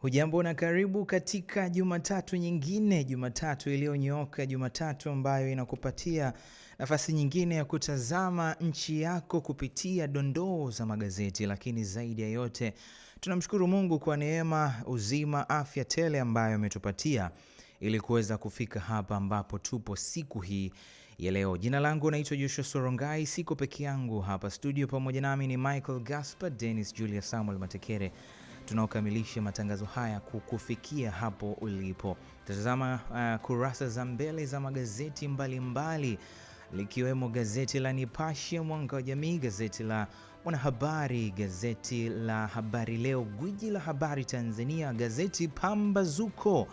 Hujambo na karibu katika Jumatatu nyingine, Jumatatu iliyonyooka, Jumatatu ambayo inakupatia nafasi nyingine ya kutazama nchi yako kupitia dondoo za magazeti, lakini zaidi ya yote tunamshukuru Mungu kwa neema, uzima, afya tele ambayo ametupatia ili kuweza kufika hapa ambapo tupo siku hii ya leo. Jina langu naitwa Joshua Sorongai, siko peke yangu hapa studio, pamoja nami ni Michael Gaspar, Dennis Julius, Samuel Matekere tunaokamilisha matangazo haya kukufikia hapo ulipo. Tazama uh, kurasa za mbele za magazeti mbalimbali mbali, likiwemo gazeti la Nipashe, Mwanga wa Jamii, gazeti la Mwanahabari, gazeti la Habari Leo, gwiji la habari Tanzania, gazeti Pambazuko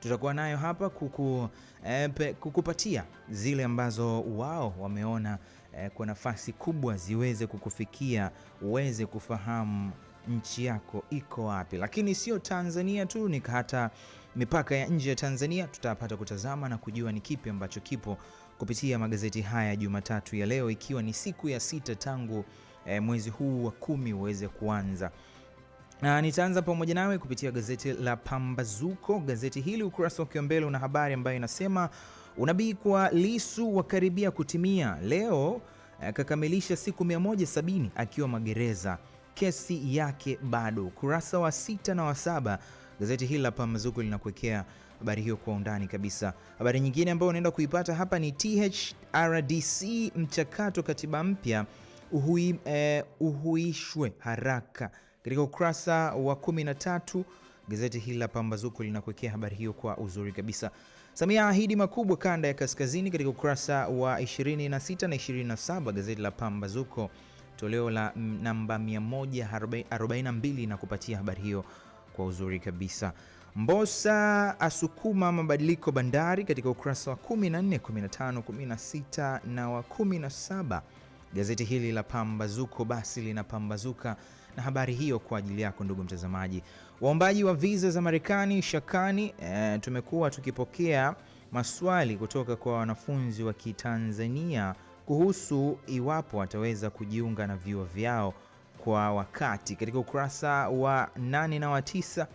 tutakuwa nayo hapa kuku, eh, pe, kukupatia zile ambazo wao wameona eh, kwa nafasi kubwa ziweze kukufikia uweze kufahamu nchi yako iko wapi. Lakini sio Tanzania tu, ni hata mipaka ya nje ya Tanzania tutapata kutazama na kujua ni kipi ambacho kipo kupitia magazeti haya Jumatatu ya leo, ikiwa ni siku ya sita tangu eh, mwezi huu wa kumi uweze kuanza na nitaanza pamoja nawe kupitia gazeti la Pambazuko. Gazeti hili ukurasa wa mbele una habari ambayo inasema unabii kwa Lisu wakaribia kutimia, leo akakamilisha eh, siku 170 akiwa magereza kesi yake bado. Ukurasa wa sita na wa saba gazeti hili la pambazuko linakuwekea habari hiyo kwa undani kabisa. Habari nyingine ambayo unaenda kuipata hapa ni THRDC, mchakato katiba mpya uhui, eh, uhuishwe haraka. Katika ukurasa wa tatu gazeti hili la Pambazuko linakuwekea habari hiyo kwa uzuri kabisa. Samia ahidi makubwa kanda ya kaskazini, katika ukurasa wa 26 na 27 gazeti la Pambazuko toleo la namba 142 na kupatia habari hiyo kwa uzuri kabisa. Mbosa asukuma mabadiliko bandari katika ukurasa wa 14, 15, 16 na wa 17. Gazeti hili la Pambazuko basi linapambazuka na habari hiyo kwa ajili yako ndugu mtazamaji. Waombaji wa viza za Marekani shakani. E, tumekuwa tukipokea maswali kutoka kwa wanafunzi wa Kitanzania kuhusu iwapo wataweza kujiunga na vyuo vyao kwa wakati. Katika ukurasa wa nane na wa tisa,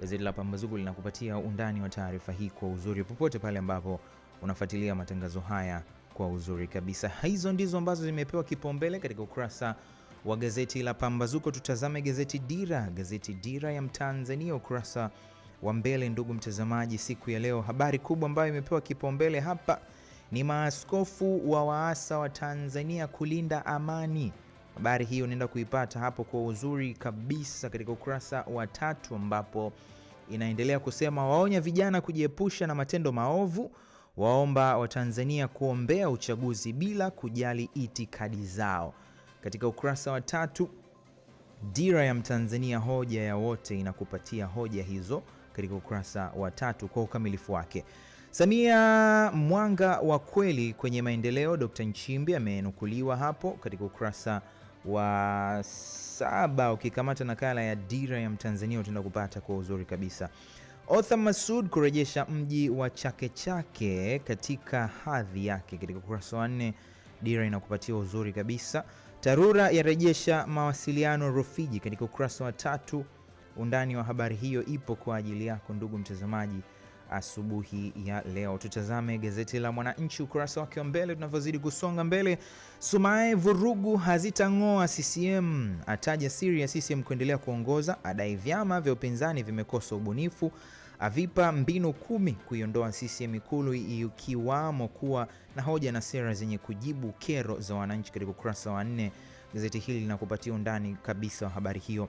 gazeti la Pambazuko linakupatia undani wa taarifa hii kwa uzuri, popote pale ambapo unafuatilia matangazo haya kwa uzuri kabisa. Hizo ndizo ambazo zimepewa kipaumbele katika ukurasa wa gazeti la Pambazuko. Tutazame gazeti Dira, gazeti Dira ya Mtanzania, ukurasa wa mbele. Ndugu mtazamaji, siku ya leo habari kubwa ambayo imepewa kipaumbele hapa ni maaskofu wa waasa wa Tanzania kulinda amani. Habari hiyo unaenda kuipata hapo kwa uzuri kabisa katika ukurasa wa tatu, ambapo inaendelea kusema waonya vijana kujiepusha na matendo maovu, waomba Watanzania kuombea uchaguzi bila kujali itikadi zao. Katika ukurasa wa tatu, dira ya Mtanzania hoja ya wote inakupatia hoja hizo katika ukurasa wa tatu kwa ukamilifu wake. Samia mwanga wa kweli kwenye maendeleo. d Nchimbi amenukuliwa hapo katika ukurasa wa saba. Ukikamata nakala ya Dira ya Mtanzania utaenda kupata kwa uzuri kabisa. Othman Masoud kurejesha mji wa Chake Chake katika hadhi yake, katika ukurasa wa nne Dira inakupatia uzuri kabisa. TARURA yarejesha mawasiliano Rufiji katika ukurasa wa tatu. Undani wa habari hiyo ipo kwa ajili yako ndugu mtazamaji asubuhi ya leo. Tutazame gazeti la Mwananchi ukurasa wake wa mbele tunavyozidi kusonga mbele. Sumaye, vurugu hazitang'oa CCM, ataja siri ya CCM kuendelea kuongoza, adai vyama vya upinzani vimekosa ubunifu avipa mbinu kumi kuiondoa CCM Ikulu, ikiwamo kuwa na hoja na sera zenye kujibu kero za wananchi. Katika ukurasa wa nne, gazeti hili linakupatia undani kabisa wa habari hiyo.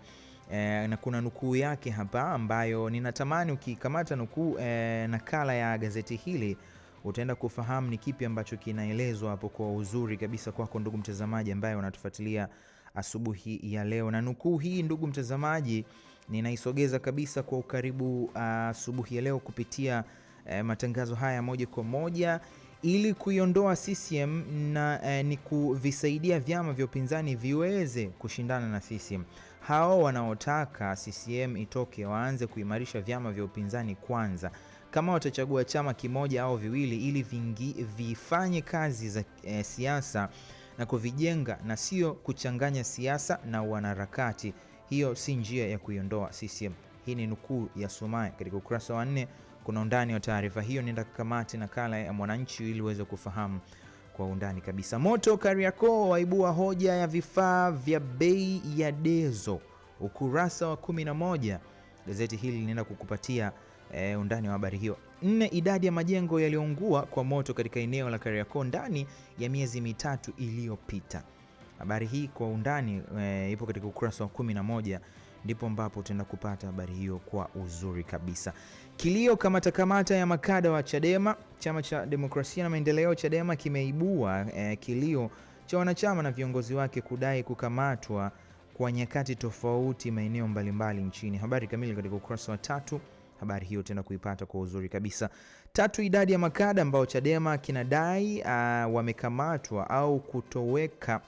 E, na kuna nukuu yake hapa ambayo ninatamani ukikamata nukuu e, nakala ya gazeti hili utaenda kufahamu ni kipi ambacho kinaelezwa hapo kwa uzuri kabisa kwako ndugu mtazamaji ambaye unatufuatilia asubuhi ya leo. Na nukuu hii ndugu mtazamaji, ninaisogeza kabisa kwa ukaribu ah, asubuhi ya leo kupitia e, matangazo haya moja kwa moja ili kuiondoa CCM na e, ni kuvisaidia vyama vya upinzani viweze kushindana na CCM. Hao wanaotaka CCM itoke waanze kuimarisha vyama vya upinzani kwanza, kama watachagua chama kimoja au viwili ili vingi, vifanye kazi za e, siasa na kuvijenga na sio kuchanganya siasa na wanaharakati. Hiyo si njia ya kuiondoa CCM. Hii ni nukuu ya Sumaye katika ukurasa wa nne. Kuna undani wa taarifa hiyo, nenda kamati nakala ya Mwananchi ili uweze kufahamu kwa undani kabisa. Moto Kariakoo waibua hoja ya vifaa vya bei ya Dezo, ukurasa wa 11. Gazeti hili linaenda kukupatia e, undani wa habari hiyo. Nne, idadi ya majengo yaliyoungua kwa moto katika eneo la Kariakoo ndani ya miezi mitatu iliyopita. Habari hii kwa undani e, ipo katika ukurasa wa 11 ndipo ambapo tena kupata habari hiyo kwa uzuri kabisa. Kilio kamata kamata ya makada wa Chadema, chama cha demokrasia na maendeleo Chadema kimeibua eh, kilio cha wanachama na viongozi wake kudai kukamatwa kwa nyakati tofauti maeneo mbalimbali nchini. Habari kamili katika ukurasa wa tatu. Habari hiyo tena kuipata kwa uzuri kabisa. Tatu, idadi ya makada ambao Chadema kinadai ah, wamekamatwa au kutoweka,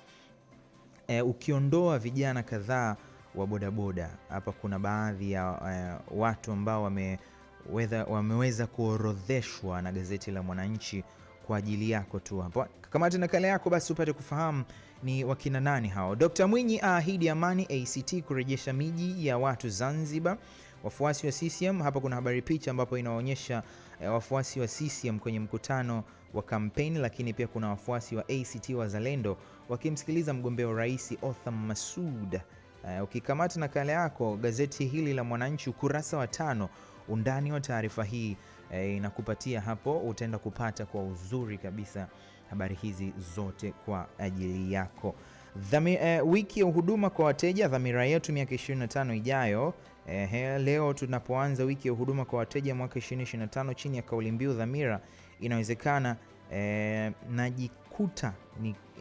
uh, ukiondoa vijana kadhaa wa bodaboda hapa. Kuna baadhi ya uh, watu ambao wameweza wameweza kuorodheshwa na gazeti la Mwananchi kwa ajili yako tu hapo. na nakala yako basi upate kufahamu ni wakina nani hao. Dkt Mwinyi aahidi amani ACT kurejesha miji ya watu Zanzibar. Wafuasi wa CCM hapa, kuna habari picha ambapo inaonyesha eh, wafuasi wa CCM kwenye mkutano wa kampeni, lakini pia kuna wafuasi wa ACT Wazalendo wakimsikiliza mgombea wa rais Othman Masoud Uh, ukikamata nakala yako gazeti hili la Mwananchi ukurasa wa tano, undani wa taarifa hii eh, inakupatia hapo, utaenda kupata kwa uzuri kabisa habari hizi zote kwa ajili yako. Dhami, uh, wiki ya huduma kwa wateja dhamira yetu miaka 25 ijayo. Eh, leo tunapoanza wiki ya huduma kwa wateja mwaka 2025 chini ya kauli mbiu dhamira, inawezekana eh, najikuta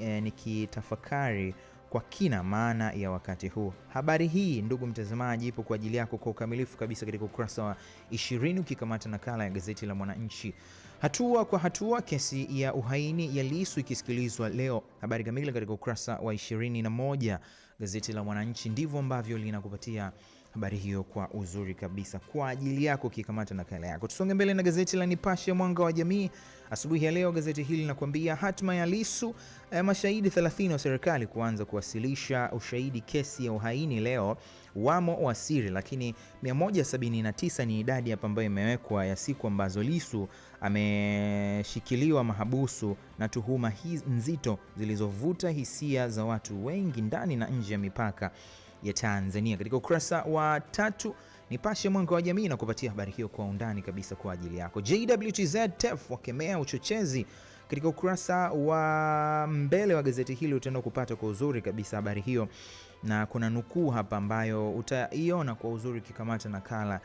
eh, nikitafakari eh, kwa kina maana ya wakati huu. Habari hii ndugu mtazamaji, ipo kwa ajili yako kwa ukamilifu kabisa katika ukurasa wa 20 ukikamata nakala ya gazeti la Mwananchi. Hatua kwa hatua kesi ya uhaini ya Lissu ikisikilizwa leo, habari kamili katika ukurasa wa 21 gazeti la Mwananchi. Ndivyo ambavyo linakupatia habari hiyo kwa uzuri kabisa kwa ajili yako ukikamata nakala yako. Tusonge mbele na gazeti la Nipashe Mwanga wa Jamii asubuhi ya leo. Gazeti hili linakuambia hatma ya Lisu, eh, mashahidi 30 wa serikali kuanza kuwasilisha ushahidi kesi ya uhaini leo, wamo wasiri, lakini 179 ni idadi hapa ambayo imewekwa ya siku ambazo Lisu ameshikiliwa mahabusu na tuhuma hizi nzito zilizovuta hisia za watu wengi ndani na nje ya mipaka ya Tanzania. Katika ukurasa wa tatu Nipashe Mwanga wa Jamii na kupatia habari hiyo kwa undani kabisa kwa ajili yako. JWTZ TEF wakemea uchochezi katika ukurasa wa mbele wa gazeti hili utaenda kupata kwa uzuri kabisa habari hiyo, na kuna nukuu hapa ambayo utaiona kwa uzuri ukikamata nakala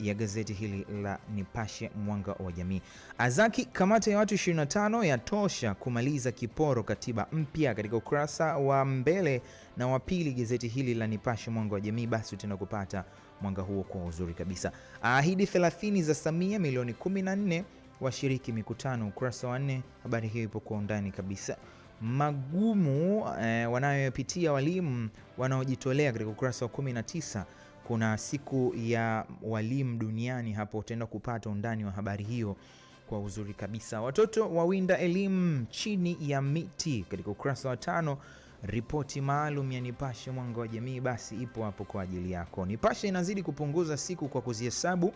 ya gazeti hili la Nipashe Mwanga wa Jamii. Azaki, kamati ya watu 25 yatosha kumaliza kiporo katiba mpya, katika ukurasa wa mbele na wa pili gazeti hili la Nipashe Mwanga wa Jamii. Basi utaenda kupata mwanga huo kwa uzuri kabisa. Ahidi 30 za Samia milioni 14 washiriki mikutano, ukurasa wa nne. Habari hiyo ipo kwa undani kabisa magumu eh, wanayopitia walimu wanaojitolea katika ukurasa wa kuna siku ya walimu duniani, hapo utaenda kupata undani wa habari hiyo kwa uzuri kabisa. Watoto wawinda elimu chini ya miti katika ukurasa wa tano. Ripoti maalum ya Nipashe Mwanga wa Jamii basi ipo hapo kwa ajili yako. Nipashe inazidi kupunguza siku kwa kuzihesabu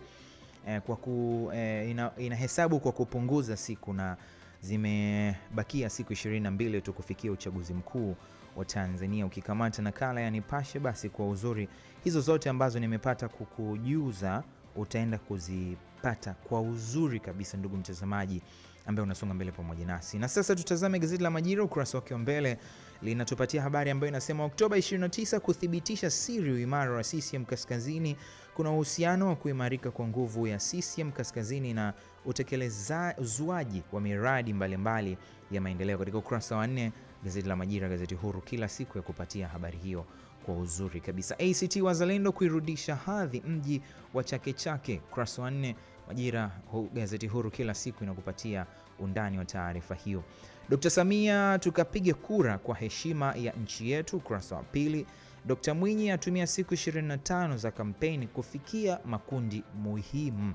eh, kwa ku, eh, ina, inahesabu kwa kupunguza siku na zimebakia siku 22 tu kufikia uchaguzi mkuu wa Tanzania. Ukikamata nakala ya Nipashe, basi kwa uzuri hizo zote ambazo nimepata kukujuza utaenda kuzipata kwa uzuri kabisa, ndugu mtazamaji ambaye unasonga mbele pamoja nasi. Na sasa tutazame gazeti la Majira ukurasa wake wa mbele, linatupatia habari ambayo inasema Oktoba 29 kuthibitisha siri uimara wa CCM Kaskazini. Kuna uhusiano wa kuimarika kwa nguvu ya CCM Kaskazini na utekelezwaji wa miradi mbalimbali mbali ya maendeleo. Katika ukurasa wa nne gazeti la Majira, gazeti huru kila siku, ya kupatia habari hiyo kwa uzuri kabisa. ACT Wazalendo kuirudisha hadhi mji wa Chake Chake, ukurasa wa nne. Majira hu, gazeti huru kila siku inakupatia undani wa taarifa hiyo. Dkt Samia, tukapiga kura kwa heshima ya nchi yetu, ukurasa wa pili. d Mwinyi atumia siku 25 za kampeni kufikia makundi muhimu,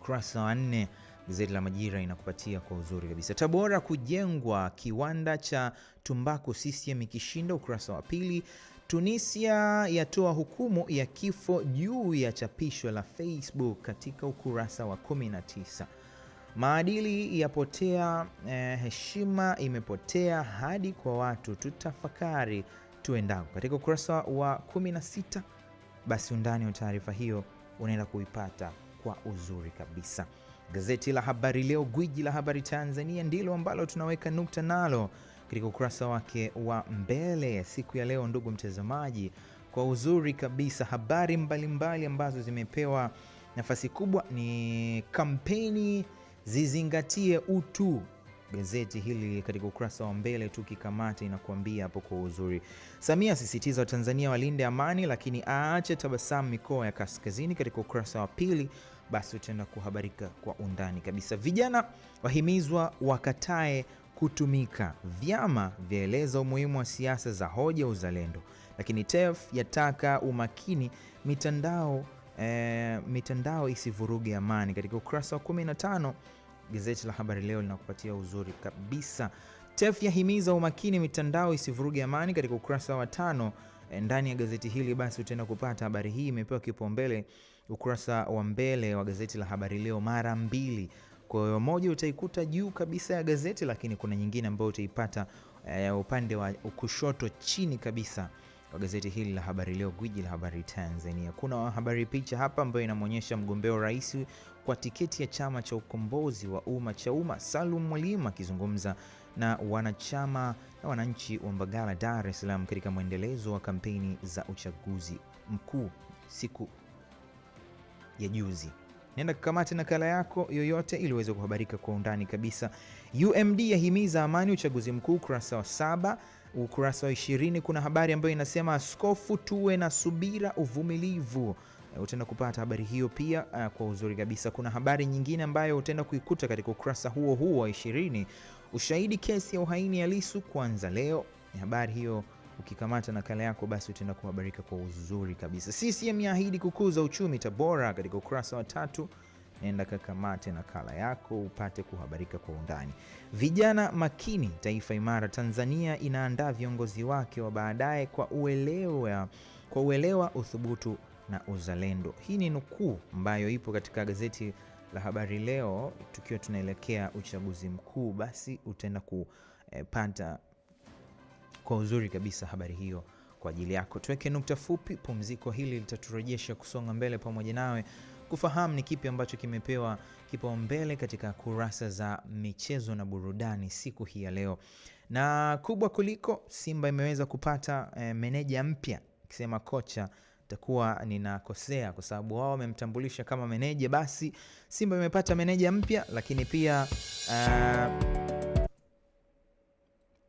ukurasa wa nne. Gazeti la Majira inakupatia kwa uzuri kabisa. Tabora kujengwa kiwanda cha tumbaku, CCM ikishinda, ukurasa wa pili. Tunisia yatoa hukumu ya kifo juu ya chapisho la Facebook katika ukurasa wa 19. Maadili yapotea, eh, heshima imepotea hadi kwa watu, tutafakari tuendako, katika ukurasa wa 16. Basi undani wa taarifa hiyo unaenda kuipata kwa uzuri kabisa. Gazeti la Habari Leo, gwiji la habari Tanzania, ndilo ambalo tunaweka nukta nalo katika ukurasa wake wa mbele siku ya leo, ndugu mtazamaji, kwa uzuri kabisa. Habari mbalimbali mbali ambazo zimepewa nafasi kubwa ni kampeni zizingatie utu gazeti hili katika ukurasa wa mbele, tu kikamate inakuambia hapo kwa uzuri. Samia asisitiza Watanzania walinde amani, lakini aache tabasamu mikoa ya kaskazini, katika ukurasa wa pili. Basi utaenda kuhabarika kwa undani kabisa. Vijana wahimizwa wakatae kutumika, vyama vyaeleza umuhimu wa siasa za hoja uzalendo, lakini TEF yataka umakini mitandao, eh, mitandao isivuruge amani, katika ukurasa wa 15 Gazeti la Habari Leo linakupatia uzuri kabisa. TEF yahimiza umakini mitandao isivuruge amani, katika ukurasa wa tano e, ndani ya gazeti hili basi utaenda kupata habari hii. Imepewa kipaumbele ukurasa wa mbele wa gazeti la Habari Leo mara mbili. Kwa hiyo moja utaikuta juu kabisa ya gazeti, lakini kuna nyingine ambayo utaipata uh, upande wa kushoto chini kabisa wa gazeti hili la Habari Leo, gwiji la habari Tanzania. Kuna habari picha hapa ambayo inamwonyesha mgombea urais kwa tiketi ya chama cha ukombozi wa umma cha umma Salum Mwalimu akizungumza na wanachama na wananchi wa Mbagala, Dar es Salaam katika mwendelezo wa kampeni za uchaguzi mkuu siku ya juzi. Nenda kukamate nakala yako yoyote ili uweze kuhabarika kwa undani kabisa. UMD yahimiza amani uchaguzi mkuu, ukurasa wa saba. Ukurasa wa ishirini kuna habari ambayo inasema askofu, tuwe na subira, uvumilivu Eh, utaenda kupata habari hiyo pia uh, kwa uzuri kabisa. Kuna habari nyingine ambayo utaenda kuikuta katika ukurasa huo huo wa ishirini. Ushahidi kesi ya uhaini ya Lissu kwanza leo, ni habari hiyo Ukikamata nakala yako basi utaenda kuhabarika kwa uzuri kabisa. CCM yaahidi kukuza uchumi Tabora, katika ukurasa wa tatu. Nenda kakamate nakala yako upate kuhabarika kwa undani. Vijana makini, taifa imara. Tanzania inaandaa viongozi wake wa baadaye kwa uelewa, kwa uelewa, uthubutu na uzalendo. Hii ni nukuu ambayo ipo katika gazeti la Habari Leo, tukiwa tunaelekea uchaguzi mkuu, basi utaenda kupata kwa uzuri kabisa habari hiyo kwa ajili yako. Tuweke nukta fupi, pumziko hili litaturejesha kusonga mbele pamoja nawe kufahamu ni kipi ambacho kimepewa kipaumbele katika kurasa za michezo na burudani siku hii ya leo. Na kubwa kuliko Simba imeweza kupata e, meneja mpya, ikisema kocha takuwa ninakosea kwa sababu wao wamemtambulisha kama meneja. Basi Simba imepata meneja mpya, lakini pia uh,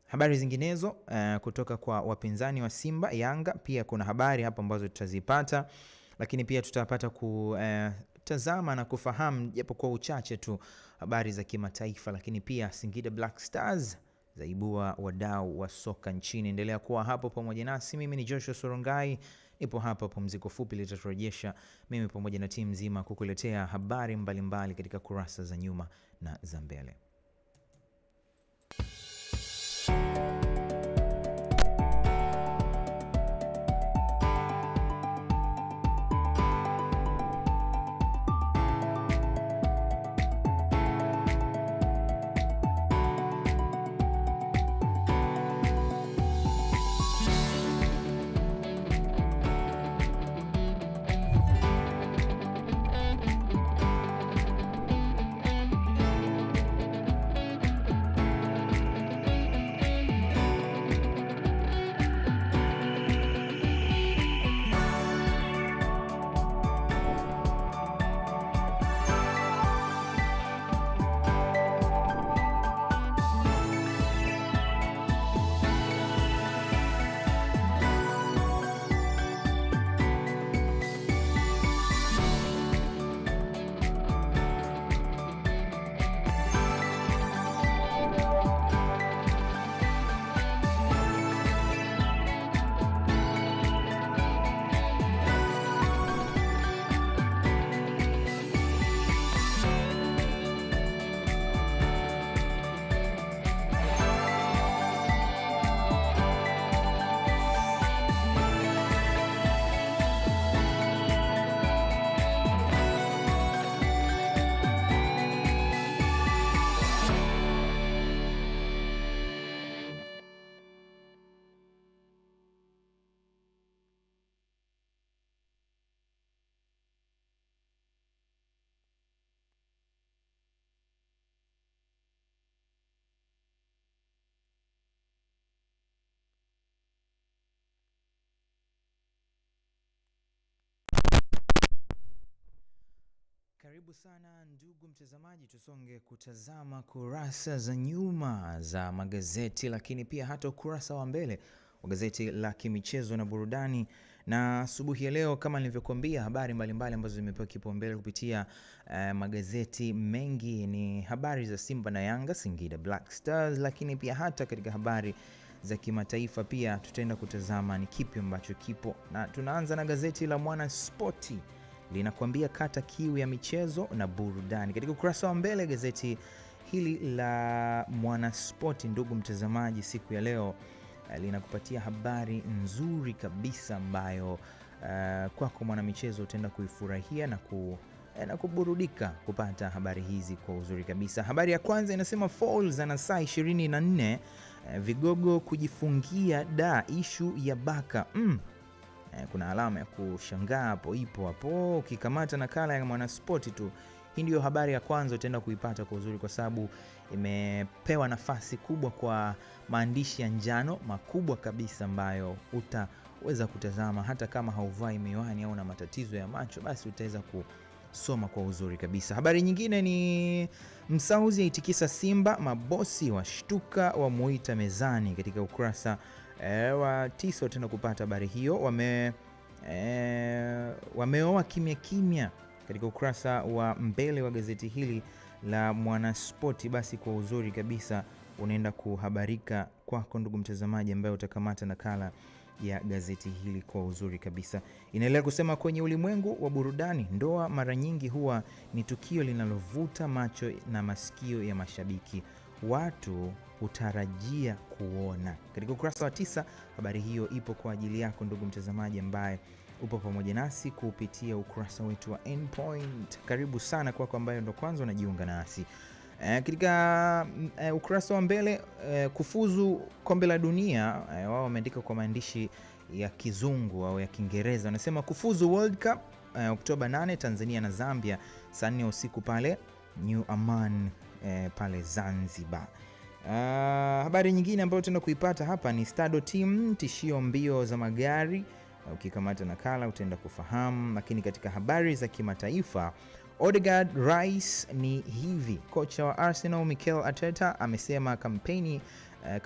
habari zinginezo uh, kutoka kwa wapinzani wa Simba Yanga, pia kuna habari hapa ambazo tutazipata, lakini pia tutapata ku uh, tazama na kufahamu japo kwa uchache tu habari za kimataifa, lakini pia Singida Black Stars zaibua wadau wa soka nchini. Endelea kuwa hapo pamoja nasi. Mimi ni Joshua Sorongai. Ipo hapa pumziko fupi litaturejesha mimi pamoja na timu nzima kukuletea habari mbalimbali mbali katika kurasa za nyuma na za mbele. Karibu sana ndugu mtazamaji, tusonge kutazama kurasa za nyuma za magazeti, lakini pia hata ukurasa wa mbele wa gazeti la kimichezo na burudani. Na asubuhi ya leo kama nilivyokuambia, habari mbalimbali ambazo zimepewa kipaumbele kupitia uh, magazeti mengi ni habari za Simba na Yanga, Singida Black Stars, lakini pia hata katika habari za kimataifa pia tutaenda kutazama ni kipi ambacho kipo, na tunaanza na gazeti la Mwana Sporti linakuambia kata kiu ya michezo na burudani. Katika ukurasa wa mbele gazeti hili la Mwanaspoti, ndugu mtazamaji, siku ya leo eh, linakupatia habari nzuri kabisa ambayo uh, kwako mwanamichezo utaenda kuifurahia na ku eh, na kuburudika kupata habari hizi kwa uzuri kabisa. Habari ya kwanza inasema Falls ana saa 24 vigogo kujifungia da ishu ya baka mm. Eh, kuna alama ya kushangaa hapo, ipo hapo. Ukikamata nakala ya Mwanaspoti tu, hii ndiyo habari ya kwanza utaenda kuipata kwa uzuri, kwa sababu imepewa nafasi kubwa kwa maandishi ya njano makubwa kabisa, ambayo utaweza kutazama hata kama hauvai miwani au una matatizo ya macho, basi utaweza ku soma kwa uzuri kabisa. Habari nyingine ni Msauzi aitikisa Simba, mabosi washtuka, wamuita mezani katika ukurasa eh, wa Tiso tena kupata habari hiyo wame eh, wameoa kimya kimya katika ukurasa wa mbele wa gazeti hili la Mwanaspoti. Basi kwa uzuri kabisa unaenda kuhabarika kwako ndugu mtazamaji, ambaye utakamata nakala ya gazeti hili kwa uzuri kabisa. Inaendelea kusema kwenye ulimwengu wa burudani, ndoa mara nyingi huwa ni tukio linalovuta macho na masikio ya mashabiki. Watu hutarajia kuona. Katika ukurasa wa tisa, habari hiyo ipo kwa ajili yako ndugu mtazamaji ambaye upo pamoja nasi kupitia ukurasa wetu wa nPoint. Karibu sana kwako ambayo ndo kwanza unajiunga nasi. E, katika e, ukurasa wa mbele e, kufuzu kombe la dunia e, wao wameandika kwa maandishi ya kizungu au ya Kiingereza, wanasema kufuzu World Cup e, Oktoba 8 Tanzania na Zambia saa nne usiku pale New Aman e, pale Zanzibar. Uh, habari nyingine ambayo tena kuipata hapa ni Stado Team tishio mbio za magari. Ukikamata nakala utaenda kufahamu. Lakini katika habari za kimataifa, Odegaard Rice ni hivi. Kocha wa Arsenal Mikel Arteta amesema kampeni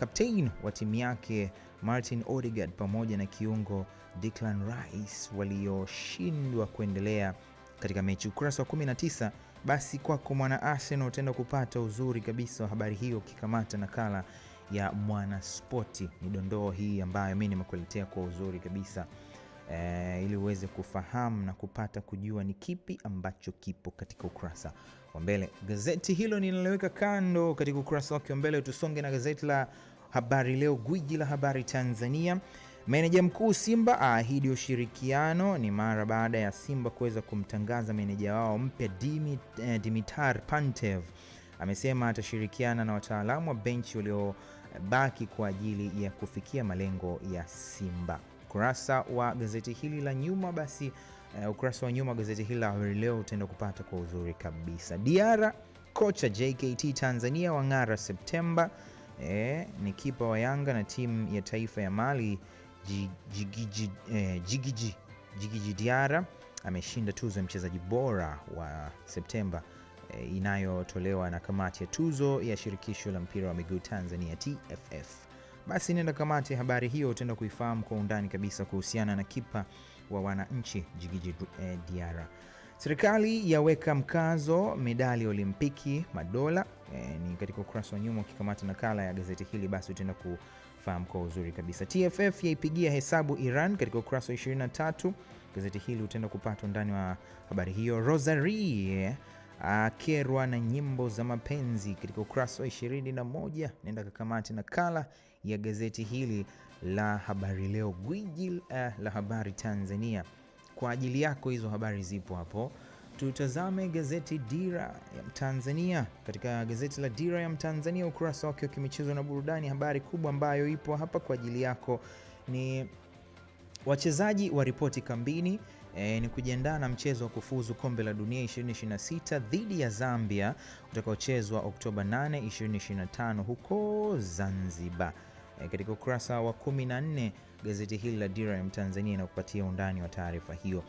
uh, wa timu yake Martin Odegaard pamoja na kiungo Declan Rice walioshindwa kuendelea katika mechi. Ukurasa wa 19 basi kwako mwana Arsenal utaenda kupata uzuri kabisa wa habari hiyo ukikamata nakala ya Mwanaspoti. Ni dondoo hii ambayo mi nimekuletea kwa uzuri kabisa e, ili uweze kufahamu na kupata kujua ni kipi ambacho kipo katika ukurasa wa mbele. Gazeti hilo ninaloweka kando katika ukurasa wake wa mbele, tusonge na gazeti la Habari Leo, gwiji la habari Tanzania Meneja mkuu Simba aahidi ushirikiano. Ni mara baada ya Simba kuweza kumtangaza meneja wao mpya Dimit, eh, Dimitar Pantev. Amesema atashirikiana na wataalamu wa benchi waliobaki kwa ajili ya kufikia malengo ya Simba. Ukurasa wa gazeti hili la nyuma basi, uh, ukurasa wa nyuma wa gazeti hili la Habari Leo utaenda kupata kwa uzuri kabisa. Diara kocha JKT Tanzania wang'ara Septemba. Eh, ni kipa wa Yanga na timu ya taifa ya Mali Jigiji eh, Jigiji Jigiji Diara ameshinda tuzo ya mchezaji bora wa Septemba eh, inayotolewa na kamati ya tuzo ya shirikisho la mpira wa miguu Tanzania TFF. Basi nenda kamati ya habari hiyo, utaenda kuifahamu kwa undani kabisa kuhusiana na kipa wa wananchi Jigiji eh, Diara. Serikali yaweka mkazo medali Olimpiki madola. eh, ni katika ukurasa wa nyuma ukikamata nakala ya gazeti hili, basi utaenda fahamu kwa uzuri kabisa. TFF yaipigia hesabu Iran katika ukurasa wa 23. Gazeti hili utaenda kupata undani wa habari hiyo. rosari akerwa na nyimbo za mapenzi katika ukurasa wa 21. Nenda kakamati nakala ya gazeti hili la Habari Leo, gwiji uh, la habari Tanzania. Kwa ajili yako hizo habari zipo hapo. Tutazame gazeti Dira ya Mtanzania. Katika gazeti la Dira ya Mtanzania, ukurasa wake wa kimichezo na burudani, habari kubwa ambayo ipo hapa kwa ajili yako ni wachezaji wa ripoti kambini E, ni kujiandaa na mchezo wa kufuzu kombe la dunia 2026 dhidi ya Zambia utakaochezwa Oktoba 8, 2025 huko Zanzibar. E, katika ukurasa wa 14 gazeti hili la Dira ya Mtanzania inakupatia undani wa taarifa hiyo.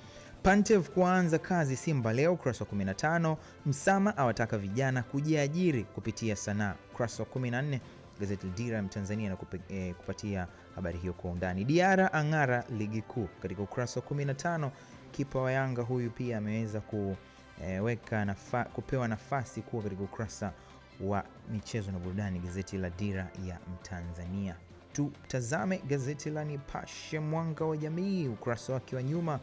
Pantev kuanza kazi Simba leo, ukurasa wa 15. Msama awataka vijana kujiajiri kupitia sanaa, ukurasa wa 14. Gazeti Dira ya Mtanzania na kupe, eh, kupatia habari hiyo kwa undani. Diara ang'ara ligi kuu katika ukurasa wa 15. Kipa wa Yanga huyu pia ameweza kuweka eh, nafa, kupewa nafasi kuwa katika ukurasa wa michezo na burudani, gazeti la Dira ya Mtanzania. Tutazame gazeti la Nipashe Mwanga wa Jamii, ukurasa wake wa nyuma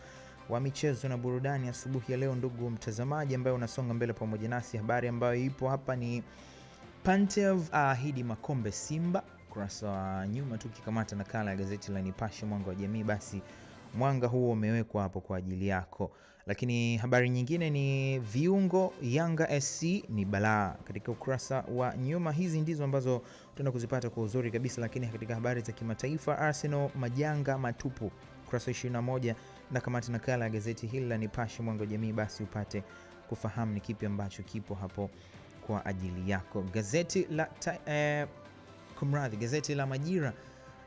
wa michezo na burudani asubuhi ya leo, ndugu mtazamaji ambaye unasonga mbele pamoja nasi. Habari ambayo ipo hapa ni Pantev aahidi makombe Simba, ukurasa wa nyuma. Tukikamata nakala ya gazeti la Nipashe Mwanga wa Jamii, basi mwanga huo umewekwa hapo kwa ajili yako. Lakini habari nyingine ni viungo Yanga SC ni balaa katika ukurasa wa nyuma. Hizi ndizo ambazo tuenda kuzipata kwa uzuri kabisa, lakini katika habari za kimataifa Arsenal majanga matupu ukurasa 21 na kamati nakala ya gazeti hili la Nipashe Mwanga wa Jamii, basi upate kufahamu ni kipi ambacho kipo hapo kwa ajili yako. Gazeti la eh, kumradhi, gazeti la Majira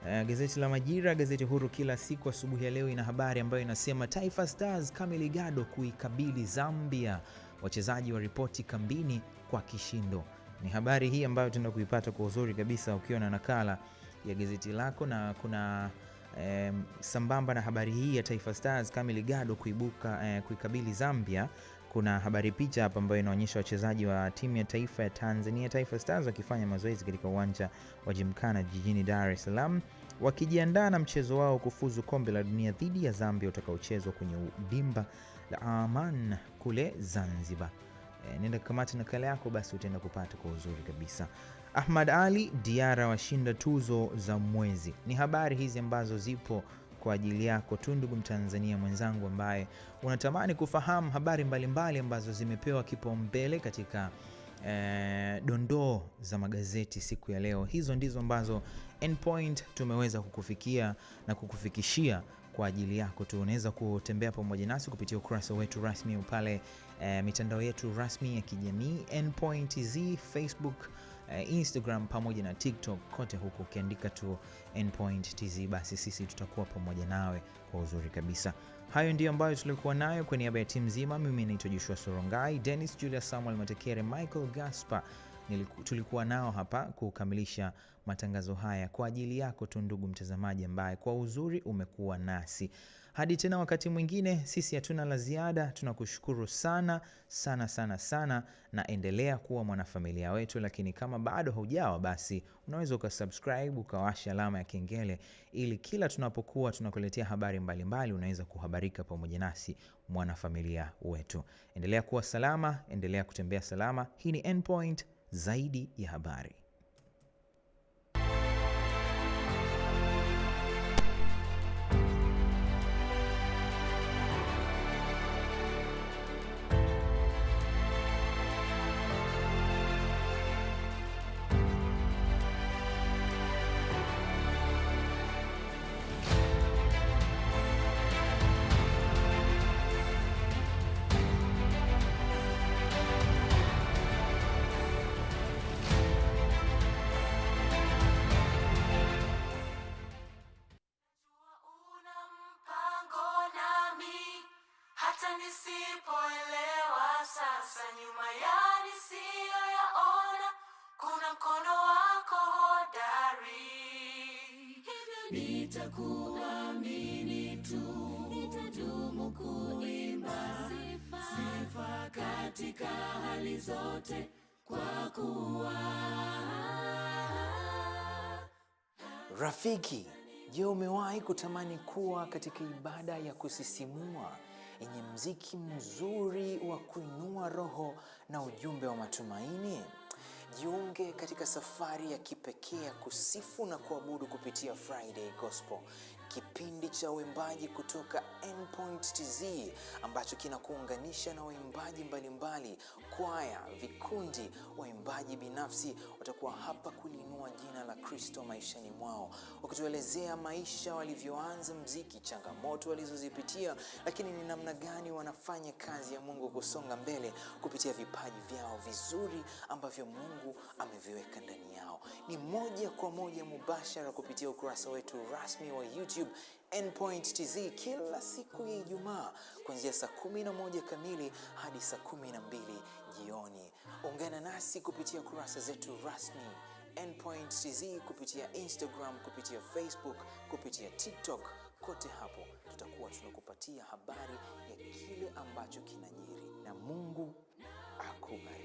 Uh, gazeti la Majira, gazeti huru kila siku asubuhi ya leo ina habari ambayo inasema Taifa Stars kame ligado kuikabili Zambia, wachezaji wa ripoti kambini kwa kishindo. Ni habari hii ambayo tunaenda kuipata kwa uzuri kabisa ukiwa na nakala ya gazeti lako na kuna um, sambamba na habari hii ya Taifa Stars kame ligado kuibuka uh, kuikabili Zambia kuna habari picha hapa ambayo inaonyesha wachezaji wa timu ya taifa ya Tanzania Taifa Stars wakifanya mazoezi katika uwanja wa Jimkana jijini Dar es Salaam wakijiandaa na mchezo wao kufuzu kombe la dunia dhidi ya Zambia utakaochezwa kwenye dimba la Aman kule Zanzibar. E, nenda kamati nakala yako basi utaenda kupata kwa uzuri kabisa. Ahmad Ali Diara washinda tuzo za mwezi. Ni habari hizi ambazo zipo kwa ajili yako tu ndugu Mtanzania mwenzangu ambaye unatamani kufahamu habari mbalimbali mbali ambazo zimepewa kipaumbele katika eh, dondoo za magazeti siku ya leo. Hizo ndizo ambazo endpoint tumeweza kukufikia na kukufikishia kwa ajili yako tu. Unaweza kutembea pamoja nasi kupitia ukurasa wetu rasmi pale eh, mitandao yetu rasmi ya kijamii nPoint Facebook uh, Instagram pamoja na TikTok, kote huku ukiandika tu nPoint TZ, basi sisi tutakuwa pamoja nawe kwa uzuri kabisa. Hayo ndiyo ambayo tulikuwa nayo kwa niaba ya timu nzima. Mimi naitwa Joshua Sorongai, Dennis Julius, Samuel Matekere, Michael Gaspar tulikuwa nao hapa kukamilisha matangazo haya kwa ajili yako tu, ndugu mtazamaji, ambaye kwa uzuri umekuwa nasi. Hadi tena wakati mwingine, sisi hatuna la ziada. Tunakushukuru sana sana sana sana, na endelea kuwa mwanafamilia wetu, lakini kama bado haujawa, basi unaweza ukasubscribe, ukawasha alama ya kengele, ili kila tunapokuwa tunakuletea habari mbalimbali, unaweza kuhabarika pamoja nasi, mwanafamilia wetu. Endelea kuwa salama, endelea kutembea salama. Hii ni nPoint, zaidi ya habari. nitakuamini tu, nitadumu kuimba sifa, sifa katika hali zote, kwa kuwa rafiki. Je, umewahi kutamani kuwa katika ibada ya kusisimua yenye mziki mzuri wa kuinua roho na ujumbe wa matumaini? Jiunge katika safari ya kipekee ya kusifu na kuabudu kupitia Friday Gospel kipindi cha uimbaji kutoka nPoint TZ ambacho kinakuunganisha na waimbaji mbalimbali, kwaya, vikundi, waimbaji binafsi watakuwa hapa kuliinua jina la Kristo maishani mwao, wakituelezea maisha walivyoanza mziki, changamoto walizozipitia, lakini ni namna gani wanafanya kazi ya Mungu kusonga mbele kupitia vipaji vyao vizuri ambavyo Mungu ameviweka ni moja kwa moja mubashara kupitia ukurasa wetu rasmi wa YouTube Endpoint TZ kila siku ya Ijumaa kuanzia saa kumi na moja kamili hadi saa kumi na mbili jioni. Ungana nasi kupitia kurasa zetu rasmi Endpoint TZ kupitia Instagram, kupitia Facebook, kupitia TikTok. Kote hapo tutakuwa tunakupatia habari ya kile ambacho kinajiri, na Mungu akubariki.